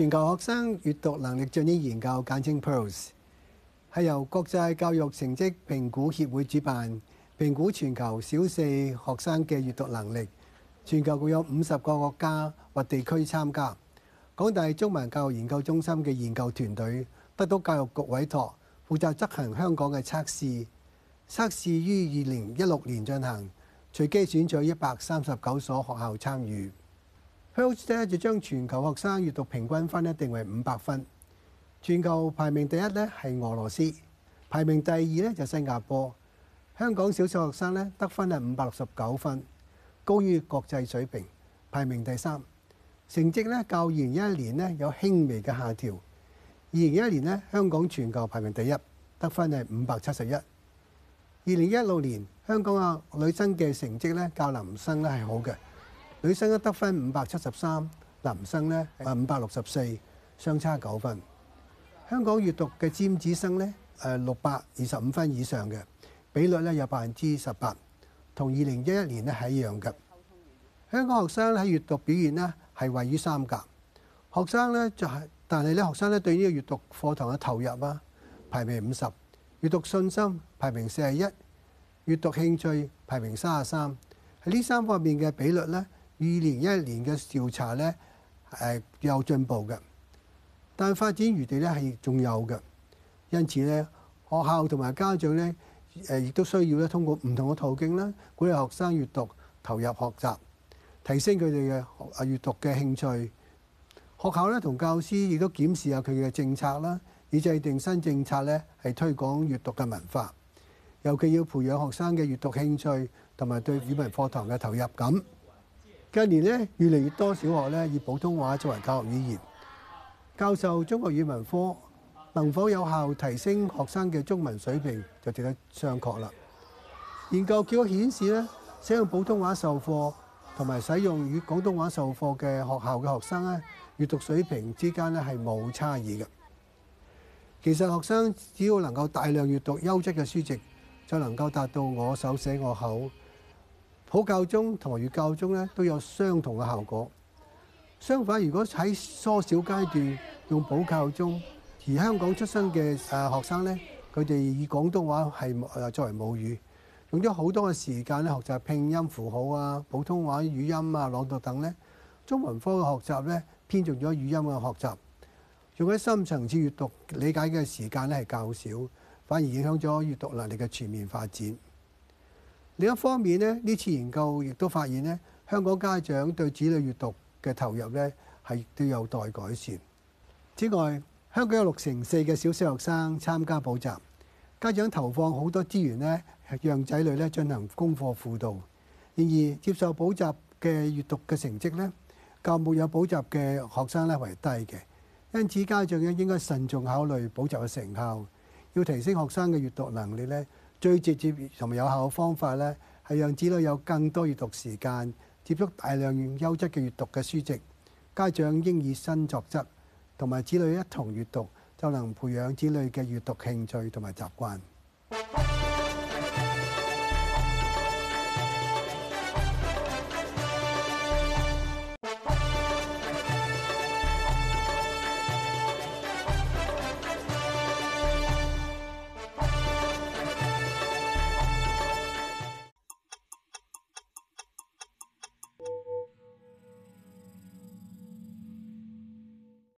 全球學生閱讀能力進展研究，簡稱 PIRLS 係由國際教育成績評估協會主辦，評估全球小四學生嘅閱讀能力。全球共有五十個國家或地區參加。港大中文教育研究中心嘅研究團隊得到教育局委託，負責執行香港嘅測試。測試於二零一六年進行，隨機選取一百三十九所學校參與。PIRLS 咧就將全球學生閱讀平均分咧定為五百分，全球排名第一呢係俄羅斯，排名第二呢就新加坡。香港小學學生呢得分係五百六十九分，高於國際水平，排名第三。成績呢較二零一一年呢有輕微嘅下調。二零一一年呢，香港全球排名第一，得分係五百七十一。二零一六年香港嘅女生嘅成績呢較男生呢係好嘅。女生一得分五百七十三，男生呢，誒五百六十四，相差九分。香港閱讀嘅尖子生呢，誒六百二十五分以上嘅比率呢，有百分之十八，同二零一一年呢，係一樣嘅。香港學生喺閱讀表現呢，係位於三甲，學生呢，就係但係呢，學生呢，對呢個閱讀課堂嘅投入啊，排名五十，閱讀信心排名四十一，閱讀興趣排名三十三，喺呢三方面嘅比率呢，二零一一年嘅調查咧，誒有進步嘅，但發展餘地咧係仲有嘅。因此咧，學校同埋家長咧，誒亦都需要咧通過唔同嘅途徑啦，鼓勵學生閱讀、投入學習，提升佢哋嘅啊閱讀嘅興趣。學校咧同教師亦都檢視下佢嘅政策啦，以制定新政策咧，係推廣閱讀嘅文化，尤其要培養學生嘅閱讀興趣同埋對語文課堂嘅投入感。近年咧，越嚟越多小學咧以普通話作為教學語言，教授中國語文科，能否有效提升學生嘅中文水平，就值得商榷啦。研究結果顯示咧，使用普通話授課同埋使用粵廣東話授課嘅學校嘅學生咧，閱讀水平之間咧係冇差異嘅。其實學生只要能夠大量閱讀優質嘅書籍，就能夠達到我手寫我口。普教中同埋粵教中咧都有相同嘅效果。相反，如果喺初小階段用普教中，而香港出生嘅誒學生咧，佢哋以廣東話作為母語，用咗好多嘅時間咧學習拼音符號啊、普通話語音啊、朗讀等咧，中文科嘅學習咧偏重咗語音嘅學習，用喺深層次閱讀理解嘅時間咧係較少，反而影響咗閱讀能力嘅全面發展。另一方面呢，呢次研究亦都發現呢，香港家長對子女閱讀嘅投入呢係都有待改善。此外，香港有六成四嘅小學生參加補習，家長投放好多資源呢，讓仔女呢進行功課輔導。然而，接受補習嘅閱讀嘅成績呢，較沒有補習嘅學生呢為低嘅。因此，家長呢應該慎重考慮補習嘅成效，要提升學生嘅閱讀能力呢，最直接同埋有效嘅方法呢，係讓子女有更多閱讀時間，接觸大量優質嘅閱讀嘅書籍。家長應以身作則，同埋子女一同閱讀，就能培養子女嘅閱讀興趣同埋習慣。